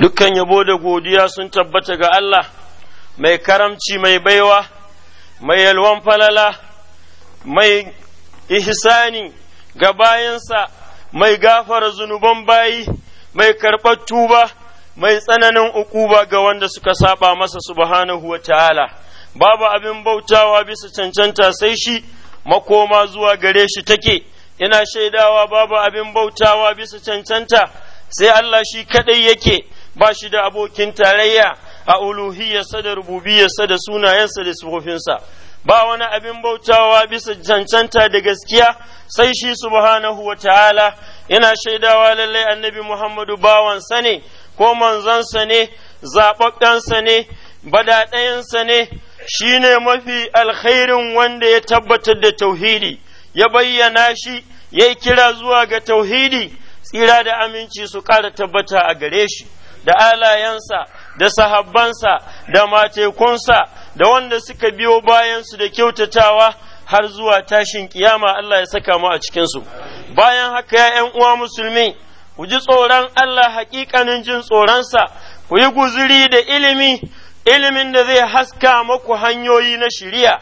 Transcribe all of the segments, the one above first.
dukkan yabo da godiya sun tabbata ga Allah mai karamci mai baiwa mai yalwan falala mai ihsani ga bayansa mai gafara zunuban bayi mai karɓar tuba mai tsananin ukuba ga wanda suka saba masa subhanahu wa ta'ala babu abin bautawa bisa cancanta sai shi makoma zuwa gare shi take ina shaidawa babu abin bautawa bisa cancanta sai Allah shi kaɗai yake ba shi da abokin tarayya a uluhiyarsa da rububiyarsa da sunayensa da sufofinsa ba wani abin bautawa bisa cancanta da gaskiya sai shi subhanahu wa ta'ala ina shaidawa lallai annabi Muhammadu bawansa ne ko manzansa ne zaɓaɓɓensa ne badaɗayansa ne shi ne mafi alkhairin wanda ya tabbatar da tauhidi ya bayyana shi ya kira zuwa ga tauhidi tsira da aminci su ƙara tabbata a gare shi. da alayensa da sahabbansa da matekunsa da wanda suka biyo bayansu da kyautatawa har zuwa tashin kiyama Allah ya saka mu a cikinsu bayan haka ya ‘yan uwa musulmi ku ji tsoron Allah haƙiƙanin jin tsoronsa ku yi guzuri da ilimi ilimin da zai haska maku hanyoyi na shiriya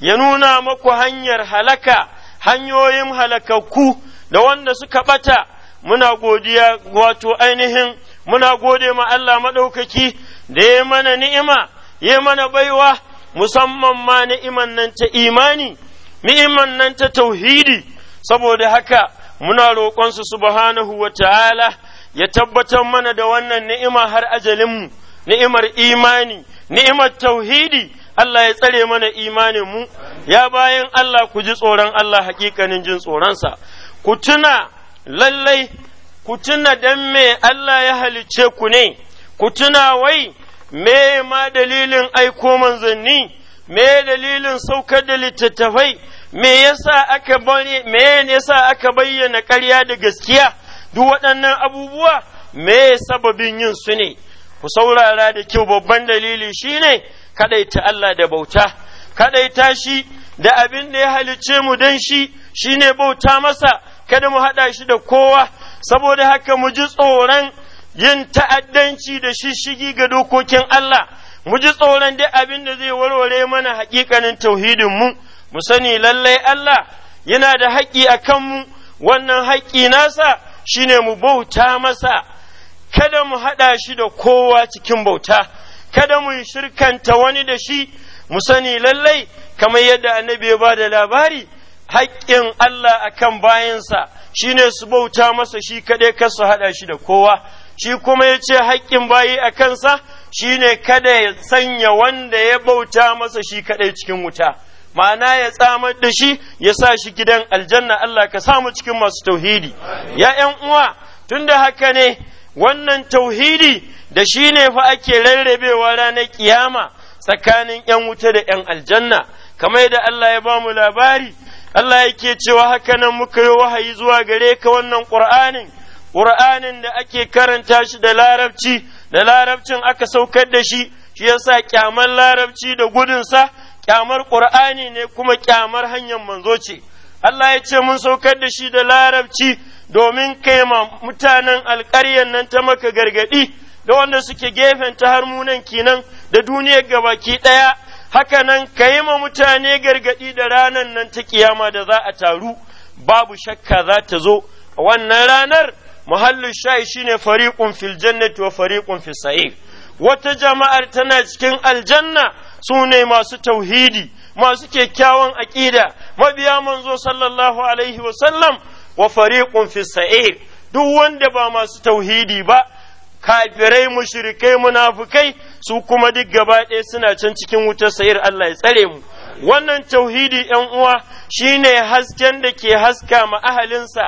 ya nuna maku hanyar halaka hanyoyin halakakku da wanda suka ɓata muna godiya wato ainihin muna gode ma Allah maɗaukaki da ya mana ni'ima ya mana baiwa musamman ma ni'iman nan ta imani ni'iman nan ta tauhidi saboda haka muna roƙonsu subhanahu wa ta'ala ya tabbatar mana da wannan ni'ima har ajalinmu ni'imar imani ni'imar tauhidi Allah ya tsare mana imanin mu ya bayan Allah ku ji tsoron Allah hakikanin jin tsoronsa ku tuna lallai ku tuna dan me Allah ya halicce ku ne, ku tuna wai me ma dalilin aiko manzanni, me dalilin saukar da littattafai, me yasa aka aka bayyana ƙarya da gaskiya, duk waɗannan abubuwa me sababin yin su ne. Ku saurara da kyau babban dalili shine kadaita Allah da bauta, kadaita shi da abin da ya halicce mu don shi shine bauta masa, kada mu haɗa shi da kowa. saboda haka mu ji tsoron yin ta'addanci da shishigi ga dokokin Allah mu ji tsoron dai abin da zai warware mana haƙiƙanin tauhidin mu mu sani lallai Allah yana da haƙƙi a kanmu wannan haƙƙi nasa shine mu bauta masa kada mu haɗa shi da kowa cikin bauta kada mu shirkanta wani da shi mu sani lallai kamar yadda annabi ya ba da labari haƙƙin Allah a kan bayansa shi ne su bauta masa shi kaɗai kar su haɗa shi da kowa, shi kuma ya ce haƙƙin bayi a kansa shi ne kada ya sanya wanda ya bauta masa shi kaɗai cikin wuta. Ma'ana ya tsamar da shi ya sa shi gidan aljanna Allah ka samu cikin masu tauhidi. Ya ’yan uwa, tun da haka ne wannan tauhidi da shi ne fa ake rarrabewa ranar kiyama tsakanin ’yan wuta da ’yan aljanna, kamar yadda Allah ya ba mu labari. Allah yake cewa haka nan muka yi wahayi zuwa gare ka wannan ƙur'anin, ƙur'anin da ake karanta shi da larabci, da larabcin aka saukar da shi, shi yasa ƙyamar larabci da gudunsa, ƙyamar ƙur'ani ne kuma ƙyamar hanyar manzo ce. Allah ya ce mun saukar da shi da larabci domin kai ma mutanen alƙaryar nan ta maka gargaɗi da wanda suke gefen ta har munan kinan da duniyar gabaki ɗaya haka nan ka yi ma mutane gargaɗi da ranar nan ta ƙiyama da za a taru babu shakka za ta zo wannan ranar muhallin shayi shine fariƙun fil jannati wa fariƙun fil sa'ir wata jama'ar tana cikin aljanna su ne masu tauhidi masu kyakkyawan aƙida mabiya manzo sallallahu alaihi wa sallam wa fariqun fi sa'ir duk wanda ba masu tauhidi ba kafirai mushrikai munafukai su kuma duk gaba ɗaya suna can cikin wutar sayar, Allah ya tsare mu wannan tauhidi ‘yan uwa shine hasken da ke haska ma ahalinsa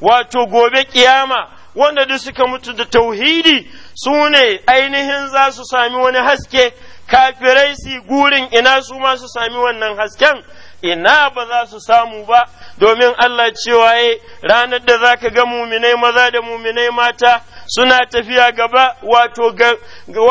wato gobe kiyama wanda duk suka mutu da tauhidi su ne ainihin za su sami wani haske kafirai su gurin ina su ma su sami wannan hasken ina ba za su samu ba domin Allah cewa eh, ranar da za ka ga muminai maza da muminai mata suna tafiya gaba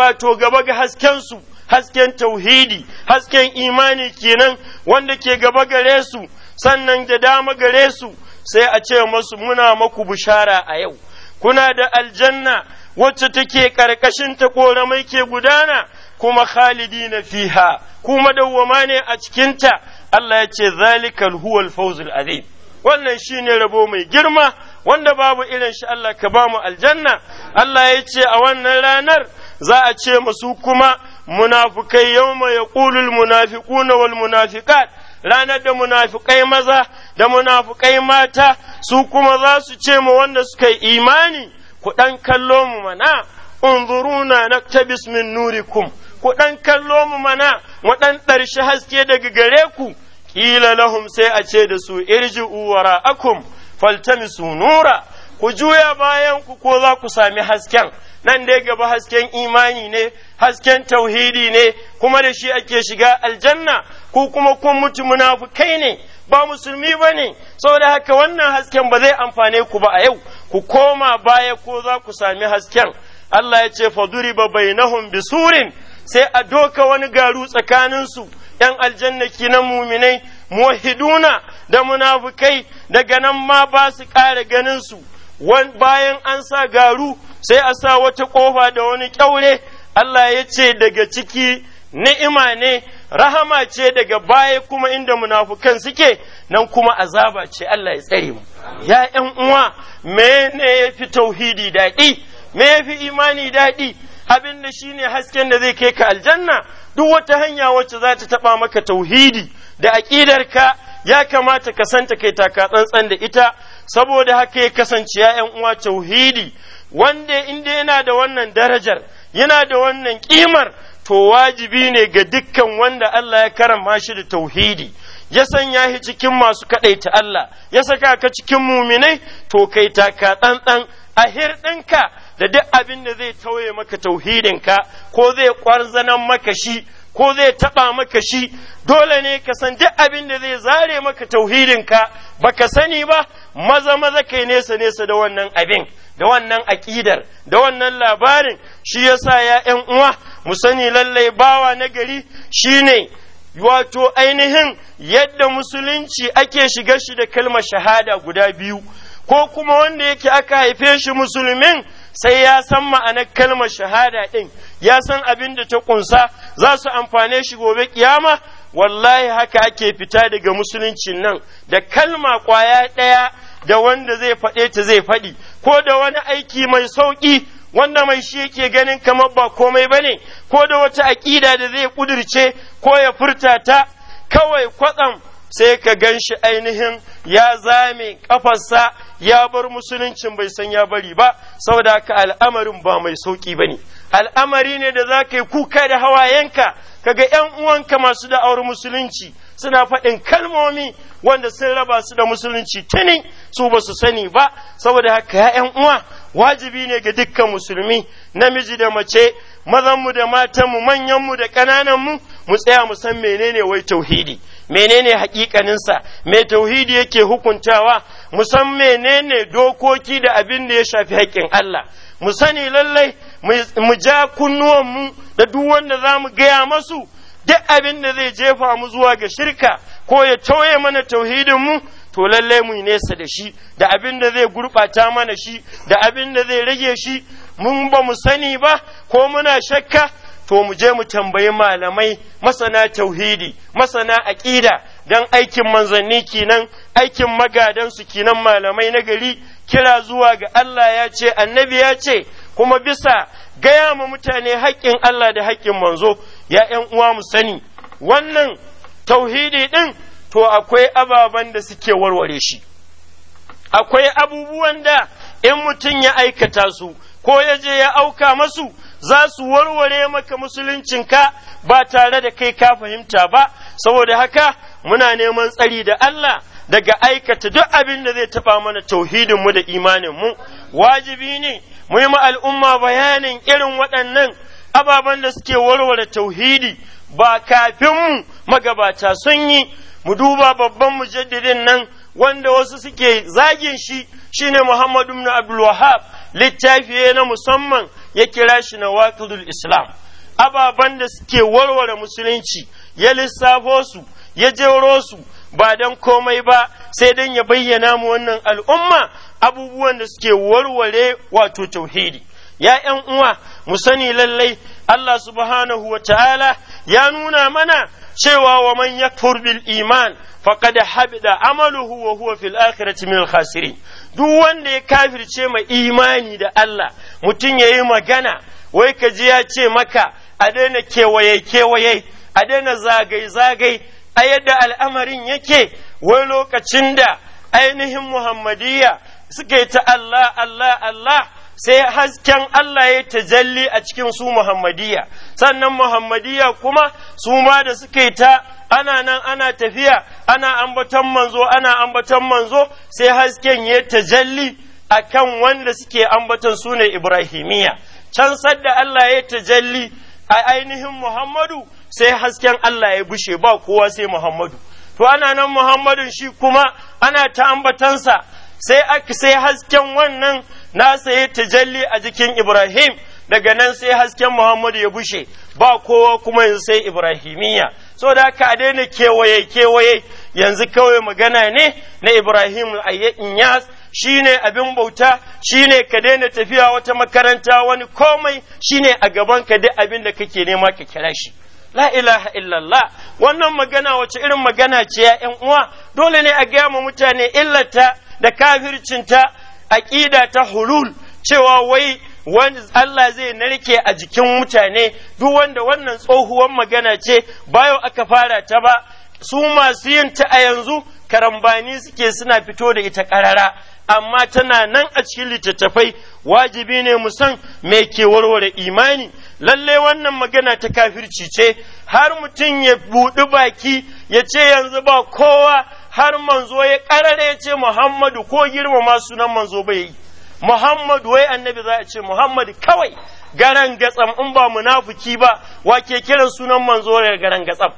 wato gaba ga haskensu hasken tauhidi hasken imani kenan wanda ke gaba gare su sannan da dama gare su sai a ce masu muna maku bushara a yau kuna da aljanna wacce take ƙarƙashin ta ƙoramai ke gudana kuma khalidi na fiha kuma dawwama ne a cikinta Allah ya ce zalikal huwal fawzul azim wannan shi ne rabo mai girma wanda babu irin shi Allah ka ba mu aljanna Allah ya ce a wannan ranar za a ce masu kuma munafukai yawma yaqulul na wal ranar da munafukai maza da munafukai mata su kuma za su ce ma wanda suka yi imani ku ɗan kallo mu mana unzuruna naktabis min nurikum ku ɗan kallo mu mana mu ɗan haske daga gare ku ƙila lahum sai a ce da su irji uwara akum faltamisu nura ku juya bayan ku ko za ku sami hasken nan dai gaba hasken imani ne hasken tauhidi ne kuma da shi ake shiga aljanna ku kuma kun mutu munafukai ne ba musulmi ba ne saboda haka wannan hasken ba zai amfane ku ba a yau ku koma baya ko za ku sami hasken Allah ya ce faduriba bainahum bisurin sai a doka wani garu tsakaninsu ‘yan aljannaki na muminai muwahiduna da munafukai daga nan ma ba su ƙara ganinsu bayan an sa garu sai a sa wata ƙofa da wani ƙyaure Allah ya ce daga ciki ni'ima ne rahama ce daga baya kuma inda munafukan suke nan kuma azaba ce Allah ya tsare mu ya ’yan uwa mene ya fi tauhidi daɗi me ya fi imani daɗi abin da ne hasken da zai kai ka aljanna duk wata hanya wacce za ta taɓa maka tauhidi da aƙidarka ya kamata ka santa kai taka tsantsan da ita saboda haka ya kasance ya uwa tauhidi wanda inda yana da wannan darajar yana da wannan ƙimar to wajibi ne ga dukkan wanda Allah ya karama shi da tauhidi ya sanya shi cikin masu kaɗaita Allah ya saka ka cikin muminai to kai taka tsantsan a hirɗinka da duk abin da zai tauye maka tauhidinka ko zai kwarzanan maka shi ko zai taɓa maka shi dole ne ka san duk abin da zai zare maka tauhidinka baka sani ba maza maza kai nesa nesa da wannan abin da wannan aƙidar da wannan labarin shi yasa ya ƴan uwa mu sani lallai bawa na gari shine wato ainihin yadda musulunci ake shiga shi da kalmar shahada guda biyu ko kuma wanda yake aka haife shi musulmin sai ya san ma'anar kalmar shahada ɗin ya san abin da ta kunsa za su amfane shi gobe kiyama wallahi haka ake fita daga musuluncin nan da kalma kwaya ɗaya da wanda zai faɗe ta zai faɗi ko da wani aiki mai sauƙi wanda mai shi yake ganin kamar ba komai ba ne ko da wata aƙida da zai ƙudirce ko ya furta ta kawai kwatsam sai ka gan shi ainihin ya zame kafarsa ya bar musuluncin bai san ya bari ba saboda haka al'amarin ba mai sauƙi ba ne al'amari ne da za ka yi kuka da hawayenka kaga ‘yan uwanka masu da'awar musulunci suna faɗin kalmomi wanda sun raba su da musulunci tuni su ba su sani ba saboda haka ‘yan uwa wajibi ne ga dukkan musulmi namiji da mace mazanmu da matanmu manyanmu da ƙanananmu mu tsaya mu san menene wai tauhidi menene hakikaninsa me tauhidi yake hukuntawa musan menene dokoki da abin da ya shafi haƙƙin Allah mu sani lallai mu ja mu da duk wanda za mu gaya masu duk abin da zai jefa mu zuwa ga shirka ko ya tauye mana tauhidin mu to lallai mu nesa da shi da abin da zai gurɓata mana shi da abin da zai rage shi mun ba mu sani ba ko muna shakka to mu je mu tambayi malamai masana tauhidi masana aƙida don aikin manzanni kinan aikin magadansu kinan malamai na gari kira zuwa ga Allah ya ce annabi ya ce kuma bisa gaya ma mutane haƙƙin Allah da haƙƙin manzo ya ƴan uwa mu sani wannan tauhidi ɗin to akwai ababen da suke warware shi akwai abubuwan da in mutum ya aikata su ko ya je ya auka masu za su warware maka musuluncinka ba tare da kai ka fahimta ba saboda haka muna neman tsari da Allah daga aikata duk abin da zai taɓa mana tauhidinmu da imaninmu wajibi ne mu yi al'umma bayanin irin waɗannan ababen da suke warware tauhidi ba kafin mu magabata sun yi mu duba babban mujaddidin nan wanda wasu suke zagin shi shine Muhammadu ibn Abdul Wahhab littafi na musamman ya kira shi na waqidul islam ababen da suke warware musulunci ya lissafo su ya jero su ba don komai ba sai don ya bayyana mu wannan al'umma abubuwan da suke warware wato tauhidi ya ‘yan uwa mu sani lallai Allah subhanahu wa ta'ala ya nuna mana cewa wa man yakfur bil iman faqad habida amaluhu wa huwa fil akhirati min al duk wanda ya kafirce mai imani da Allah mutum yayi magana wai ka ji ya ce maka a daina kewaye kewaye a daina zagai zagai a yadda al'amarin yake wai lokacin da ainihin muhammadiyya suka yi ta Allah Allah Allah sai hasken Allah ya tajalli a cikin su Muhammadiyya sannan Muhammadiyya kuma su ma da suke ta ana nan ana tafiya ana ambaton manzo ana ambaton manzo sai hasken ya tajalli a kan wanda suke ambaton su ne Ibrahimiyya can sadda Allah ya tajalli a ainihin Muhammadu sai hasken Allah ya bushe ba kowa sai Muhammadu to ana nan Muhammadun shi kuma ana ta ambatansa sai aka, sai hasken wannan na ya tajalli a jikin Ibrahim daga nan sai hasken Muhammadu ya bushe ba kowa kuma yanzu sai Ibrahimiyya So da a daina kewaye kewaye yanzu kawai magana ne na Ibrahim al-Inyas shine abin bauta shine ka daina tafiya wata makaranta wani komai shine a gaban ka duk abin da kake nema ka kira shi la ilaha illallah wannan magana wace irin magana ce ya uwa dole ne a gaya ma mutane illata da kafircinta aƙida ta hulul cewa wai Allah zai narke a jikin mutane duk wanda wannan tsohuwar magana ce bayo aka fara ta ba su masu yin ta a yanzu karambani suke suna fito da ita ƙarara amma tana nan a cikin littattafai wajibi ne mu san me ke warware imani lalle wannan magana ta kafirci ce har mutum ya buɗi baki ya ce yanzu ba kowa har manzo ya karare ce Muhammadu ko girmama sunan manzo bai yi Muhammadu wai annabi za a ce Muhammadu kawai garan gatsam in ba munafiki ba wake kiran sunan manzo ya garan gatsam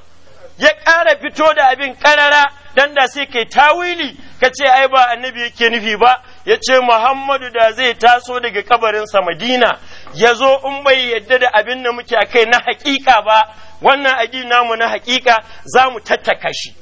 ya ƙara fito da abin ƙarara dan da sai kai tawili ka ce ai ba annabi yake nufi ba ya ce Muhammadu da zai taso daga kabarinsa Madina ya zo in bai yadda da abin da muke a kai na hakika ba wannan addini namu na hakika za mu tattaka shi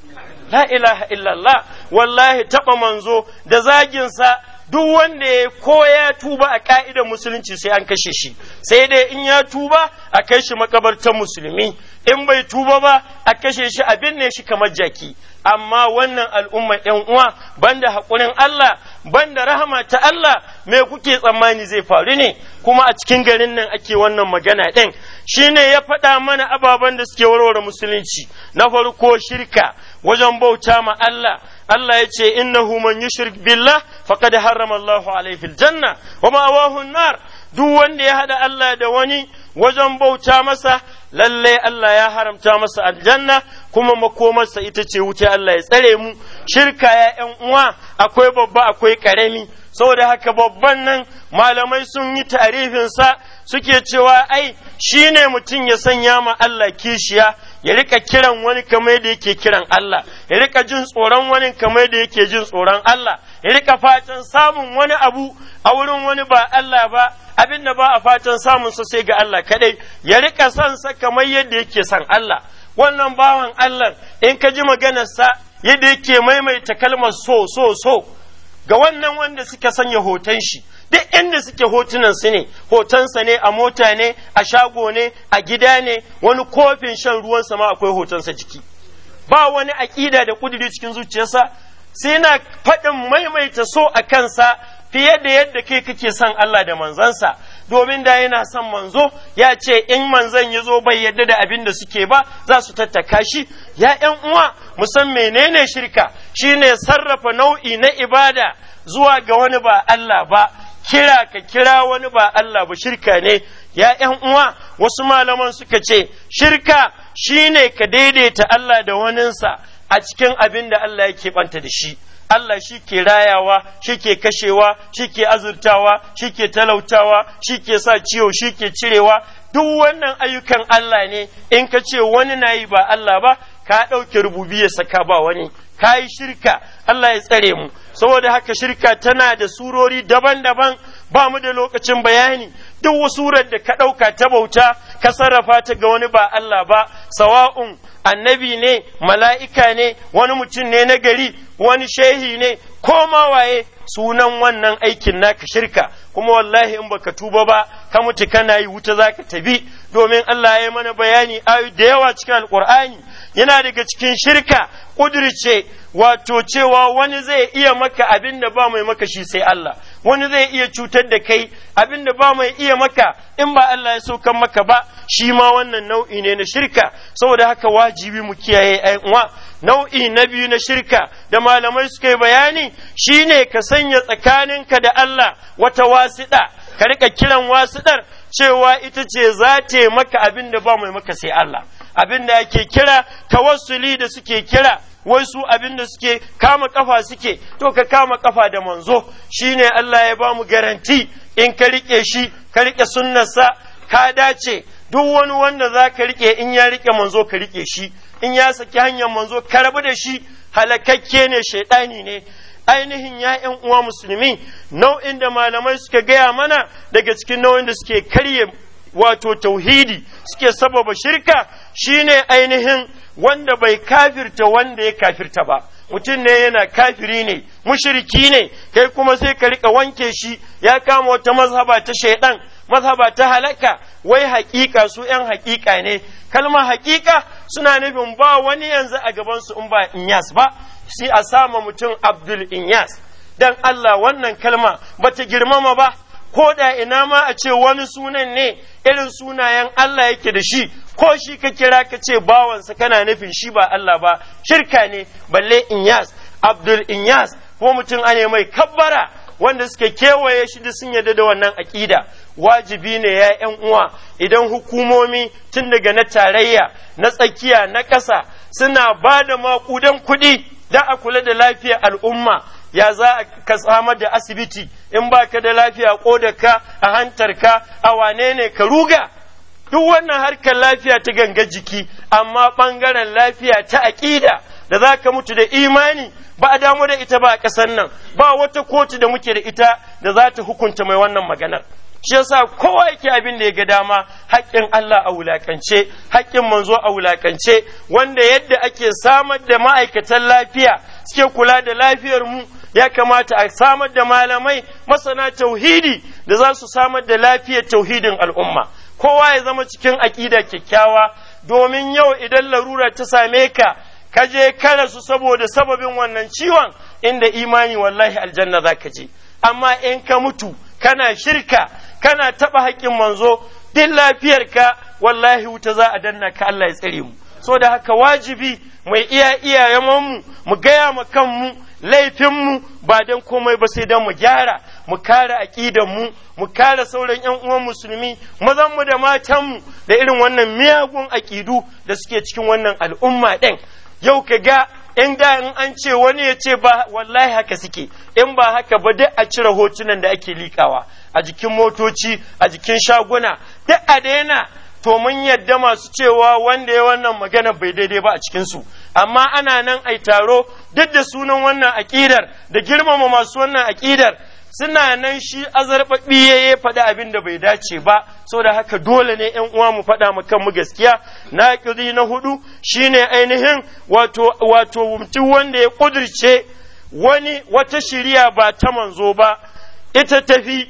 la ilaha illallah wallahi taɓa manzo da zaginsa duk wanda ya ko ya tuba a ka'idar musulunci sai an kashe shi sai dai in ya tuba a kai shi makabartar musulmi in bai tuba ba a kashe shi a binne shi kamar jaki amma wannan al'umma yan uwa banda haƙurin Allah banda rahama ta Allah me kuke tsammani zai faru ne kuma a cikin garin nan ake wannan magana ɗin shine ya faɗa mana ababen da suke warware musulunci na farko shirka wajen bauta ma Allah Allah ya ce innahu man yushrik billah faqad harrama Allah alaihi aljanna wa ma'awahu nar duk wanda ya hada Allah da wani wajen bauta masa lalle Allah ya haramta masa aljanna kuma makomarsa ita ce wuce Allah ya tsare mu shirka ya ƴan uwa akwai babba akwai karami saboda haka babban nan malamai sun yi sa suke cewa ai shine mutum ya sanya ma Allah kishiya ya rika kiran wani kamar da yake kiran Allah ya rika jin tsoron wani kamar da yake jin tsoron Allah ya rika fatan samun wani abu a wurin wani ba Allah ba abin da ba a fatan samun su sai ga Allah kadai ya rika son sa kamar yadda yake son Allah wannan bawan Allah in ka ji sa yadda yake maimaita kalmar so so so ga wannan wanda suka sanya hoton shi duk inda suke hotunan su ne hotonsa ne a mota ne a shago ne a gida ne wani kofin shan ruwan sama akwai hotonsa jiki ba wani aƙida da ƙudiri cikin zuciyarsa sai na faɗin maimaita so a kansa fiye da yadda kai kake son Allah da manzansa domin da yana son manzo ya ce in manzan ya zo bai yadda da abin da suke ba za su tattaka shi ya ‘yan uwa musan menene shirka shine sarrafa nau'i na ibada zuwa ga wani ba Allah ba kira ka kira wani ba Allah ba shirka ne ya ’yan uwa wasu malaman suka ce shirka shine ka daidaita Allah da waninsa a cikin abin da Allah yake banta da shi Allah shi ke rayawa, shi ke kashewa, shi ke azurtawa, shi ke talautawa, shi ke sa ciwo, shi ke cirewa, duk wannan ayyukan Allah ne, in ka ce wani na yi ba Allah ba, ka ɗauke ya saka ba wani, ka yi shirka Allah ya tsare mu saboda haka shirka tana da surori daban-daban ba mu da lokacin bayani duk surar da ka ɗauka ta bauta ka sarrafa ta ga wani ba Allah ba sawa'un annabi ne mala'ika ne wani mutum ne na gari wani shehi ne ko ma waye sunan wannan aikin naka shirka kuma wallahi in baka tuba ba ka mutu kana yi wuta zaka tabi domin Allah ya mana bayani ayu da yawa cikin alqur'ani yana daga cikin shirka ƙudurce wato cewa wani zai iya maka abin da ba mai maka shi sai Allah wani zai iya cutar da kai abin da ba mai iya maka in ba Allah ya saukan maka ba shi ma wannan nau'i ne na shirka saboda haka wajibi mu kiyaye uwa nau'i na biyu na shirka da malamai suka yi bayani shine ka sanya tsakaninka da Allah wata wasiɗa ka rika kiran wasiɗar cewa ita ce za ta maka abin da ba mai maka sai Allah abin da yake kira tawassuli da suke kira wai su abin da suke kama kafa suke to ka kama kafa da manzo shine Allah ya bamu garanti in ka rike shi ka rike sunnarsa ka dace duk wani wanda za ka rike in ya rike manzo ka rike shi in ya saki hanyar manzo ka rabu da shi halakakke ne shaidani ne ainihin ya uwa musulmi nau'in da malamai suka gaya mana daga cikin nau'in da suke karye wato tauhidi suke sababa shirka Shi ne ainihin wanda bai kafirta wanda ya kafirta ba mutum ne yana kafiri ne mushriki ne kai kuma sai ka rika wanke shi ya kama wata mazhaba ta shaidan mazhaba ta halaka wai haƙiƙa su yan hakika ne Kalma haƙiƙa suna nufin ba wani yanzu a gabansu in ba inyas ba sai a sama mutum abdul inyas dan Allah wannan kalma bata girmama ba ko da ina ma a ce wani sunan ne irin sunayen Allah yake da shi ko shi ka kira ka ce bawansa kana nufin shi ba Allah ba shirka ne balle inyas abdul inyas ko mutum ane mai kabbara wanda suka kewaye shi da sun yarda da wannan aƙida wajibi ne ya ‘yan uwa idan hukumomi tun daga na tarayya na tsakiya na ƙasa suna ba da maƙudan kuɗi da a kula da lafiyar al'umma ya za ka samar da asibiti in ba ka da lafiya ko da ka a hantarka a wane ne ka ruga duk wannan harkar lafiya ta ganga jiki amma ɓangaren lafiya ta aƙida da za ka mutu da imani ba a damu da ita ba a ƙasar nan ba wata kotu da muke da ita da za ta hukunta mai wannan maganar shi yasa kowa yake abin da ya ga dama haƙƙin Allah a wulakance haƙƙin manzo a wulakance wanda yadda ake samar da ma'aikatan lafiya suke kula da lafiyar mu ya kamata a samar da malamai masana tauhidi da za su samar da lafiyar tauhidin al'umma kowa ya zama cikin aƙida kyakkyawa domin yau idan larura ta same ka ka je kare su saboda sababin wannan ciwon inda imani wallahi aljanna za ka je amma in ka mutu kana shirka kana taɓa haƙƙin manzo din lafiyarka wallahi wuta za a danna ka Allah ya tsare mu so da haka wajibi mai iya iyayenmu mu gaya ma kanmu laifin mu ba dan komai ba sai dan mu gyara mu kare aqidan mu mu kare sauran yan uwan musulmi mazan mu da matan mu da irin wannan miyagun aƙidu da suke cikin wannan al'umma din yau ka ga in da in an ce wani ya ce ba wallahi haka suke in ba haka ba duk a cire hotunan da ake likawa a jikin motoci a jikin shaguna duk a daina to mun yadda masu cewa wanda ya wannan magana bai daidai ba a cikin su amma ana nan ai taro duk da sunan wannan aƙidar da girmama masu wannan aƙidar suna nan shi azarbabi ya yi faɗi abin da bai dace ba saboda haka dole ne ‘yan uwa mu faɗa mu kanmu gaskiya na na hudu shine ainihin wato wato mutum wanda ya ƙudirce wani wata shiriya ba ta manzo ba ita tafi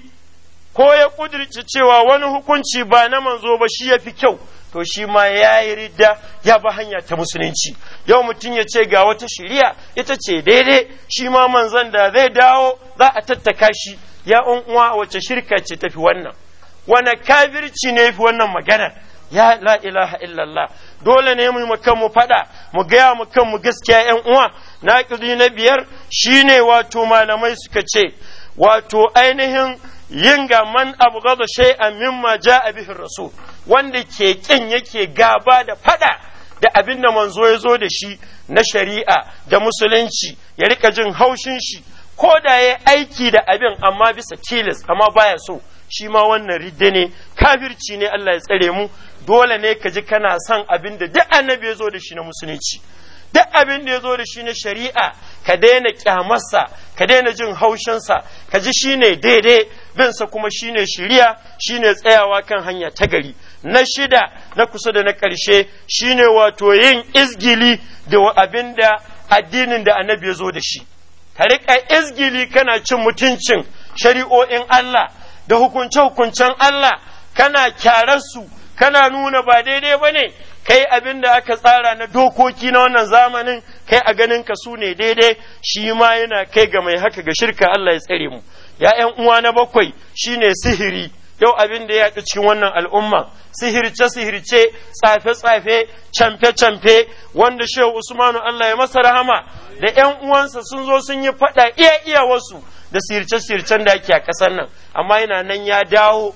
ko ya kudirce cewa wani hukunci ba na manzo ba shi ya fi kyau to shi ma ya yi ridda ya ba hanya ta musulunci yau mutum ya ce ga wata shiriya ita ce daidai shi ma manzon da zai dawo za a tattaka shi ya uwa wace shirka ce tafi wannan wane kabirci ne fi wannan magana ya la ilaha illallah dole ne mu kan mu fada mu gaya mu kan mu gaskiya yan uwa na na biyar shine wato malamai suka ce wato ainihin yin ga man abu shai a mimma a bihin rasu, wanda ke kin yake gaba da fada da abin da manzo ya zo da shi na shari'a da musulunci ya rika jin haushin shi ko da ya aiki da abin amma bisa tilas amma baya so shi ma wannan ridda ne kafirci ne Allah ya tsare mu dole ne ka ji kana son abin da duk annabi ya zo da shi na musulunci duk abin da ya zo da shi na shari'a ka daina kyamarsa ka daina jin haushinsa ka ji shi ne daidai binsa kuma shi ne shiriya shi ne tsayawa kan hanya ta gari na shida na kusa da na ƙarshe shi ne wato yin izgili da abin da addinin da annabi ya zo da shi ka riƙa izgili kana cin mutuncin shari'o'in Allah da hukunce-hukuncen Allah kana kyararsu kana nuna ba daidai ba ne kai abin da aka tsara na dokoki na wannan zamanin kai a ganin ka su ne daidai shi ma yana kai ga mai haka ga shirka Allah ya tsare mu ya ƴan uwa na bakwai shine sihiri yau abin da ya yaɗu cikin wannan al'umma sihirce sihirce tsafe tsafe camfe camfe wanda shehu usmanu Allah ya masa rahama da ƴan uwansa sun zo sun yi faɗa iya iya wasu da sihirce sihircen da ake a ƙasar nan amma yana nan ya dawo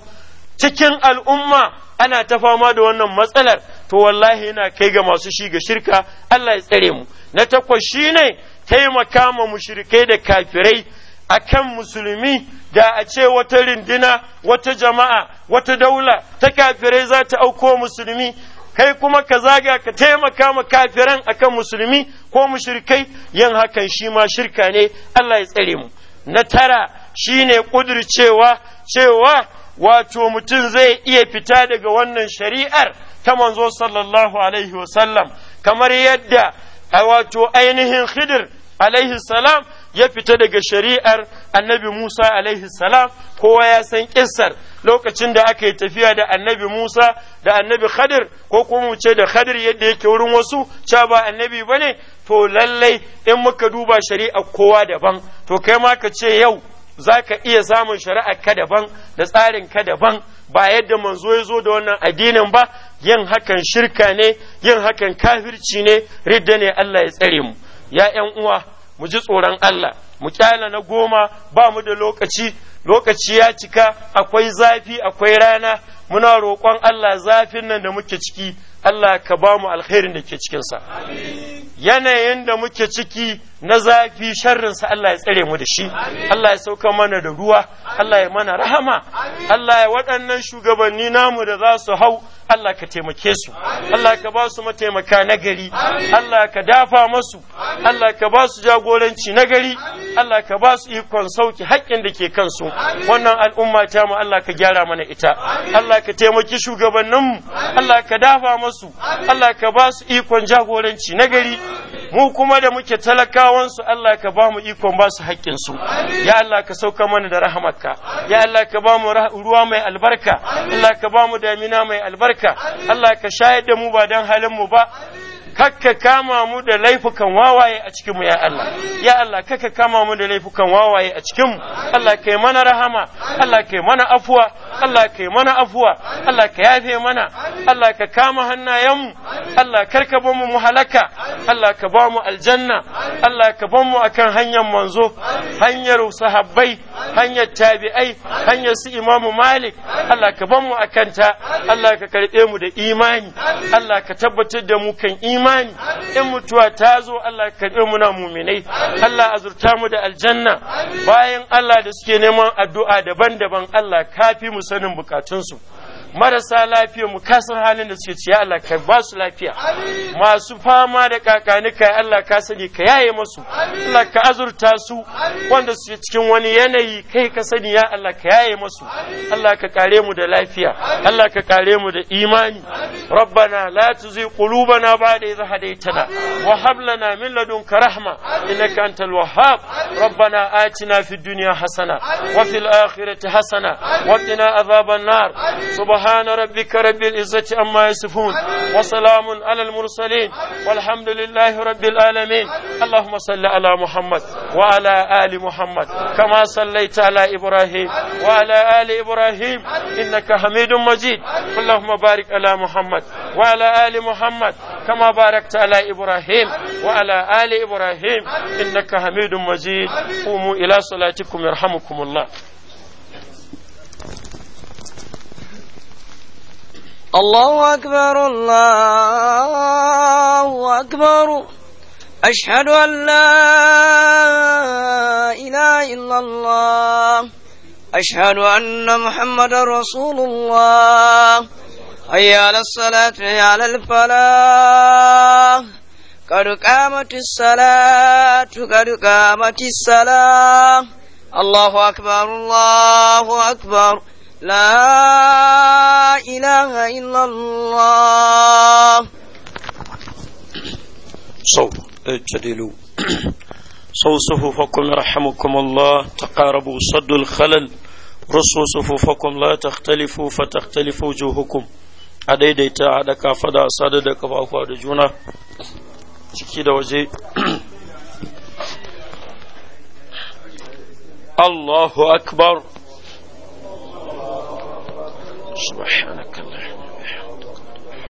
cikin al'umma ana ta fama da wannan matsalar to wallahi yana kai ga masu shi ga shirka Allah ya tsare mu na takwas shine taimaka ma mushrikai da kafirai akan musulmi da a ce wata rindina wata jama'a wata daula ta kafirai za ta auko musulmi kai kuma ka zaga ka taimaka ma kafiran akan musulmi ko mushrikai yin hakan shi ma shirka ne Allah ya tsare mu na tara shine cewa, cewa wato mutum zai iya fita daga wannan shari'ar ta manzo sallallahu alaihi wasallam kamar yadda a wato ainihin khidir alaihi salam ya fita daga shari'ar annabi Musa alaihi salam kowa ya san kissar lokacin da aka yi tafiya da annabi Musa da annabi Khadir ko kuma mu ce da Khadir yadda yake wurin wasu cha ba annabi bane to lallai in muka duba shari'ar kowa daban to kai ma ka ce yau za ka iya samun shari'a ka daban da tsarin ka daban ba yadda manzo ya zo da wannan addinin ba yin hakan shirka ne yin hakan kafirci ne ridda ne Allah ya tsare mu ya ƴan uwa mu ji tsoron Allah mu kyala na goma ba mu da lokaci lokaci ya cika akwai zafi akwai rana muna roƙon Allah zafin nan da muke ciki Allah ka ba mu alkhairin da ke cikinsa yanayin da muke ciki na zafi sharrinsa Allah ya tsare mu da shi Allah ya sauka mana da ruwa Allah ya mana rahama Allah ya waɗannan shugabanni namu da za su hau Allah ka taimake su Allah ka ba su mataimaka nagari Allah ka dafa masu Allah ka ba su jagoranci nagari Allah ka ba su ikon sauki haƙƙin da ke kansu wannan al'umma ta mu Allah ka gyara mana ita Allah ka taimaki shugabanninmu Allah ka dafa masu su Allah ka ba su ikon jagoranci na gari mu kuma da muke talakawansu Allah ka ba mu ikon ba su haƙƙinsu ya Allah ka sauka mana da rahamarka ya Allah ka ba mu ruwa mai albarka Allah ka ba mu damina mai albarka Allah ka shayar da mu ba dan halin mu ba kakka kama mu da laifukan wawaye a cikin mu ya Allah ya Allah kakka kama mu da laifukan wawaye a cikin mu Allah kai mana rahama Allah kai mana afuwa Allah kai mana afuwa Allah ka yafe mana Allah ka kama hannayen mu Allah karka ba mu halaka Allah ka ba mu aljanna Allah ka ba mu akan hanyar manzo hanyar sahabbai hanyar tabi'ai hanyar su imamu malik Allah ka ban mu akan ta Allah ka karɓe mu da imani Allah ka tabbatar da mu kan imani in mutuwa ta zo Allah ka karɓe mu na muminai Allah azurta mu da aljanna bayan Allah da suke neman addu'a daban-daban Allah kafi mu sanin bukatunsu marasa lafiya mu kasar halin da suke ciya Allah ka ba su lafiya masu fama da kakani kai Allah ka sani ka yaye masu Allah ka azurta su wanda suke cikin wani yanayi kai ka sani ya Allah ka yaye masu Allah ka kare mu da lafiya Allah ka kare mu da imani rabbana la tuzigh qulubana ba'da idh hadaytana wa hab lana min ladunka rahma innaka antal wahhab rabbana atina fid dunya hasana wa fil akhirati hasana wa qina adhaban nar subhana سبحان ربك رب العزة عما يصفون وسلام على المرسلين والحمد لله رب العالمين اللهم صل على محمد وعلى آل محمد كما صليت على إبراهيم وعلى آل إبراهيم إنك حميد مجيد اللهم بارك على محمد وعلى آل محمد كما باركت على إبراهيم وعلى آل إبراهيم إنك حميد مجيد قوموا إلى صلاتكم يرحمكم الله الله أكبر الله أكبر أشهد أن لا إله إلا الله أشهد أن محمد رسول الله هيا على الصلاة هيا على الفلاح قد قامت الصلاة قد قامت الصلاة الله أكبر الله أكبر لا إله إلا الله صوت اجتدلوا صو صفوفكم رحمكم الله تقاربوا صدوا الخلل رصوا صفوفكم لا تختلفوا فتختلف وجوهكم أديديتا عدكا فدا صددك فأخوة رجونا شكيدا وزي الله أكبر سبحانك اللهم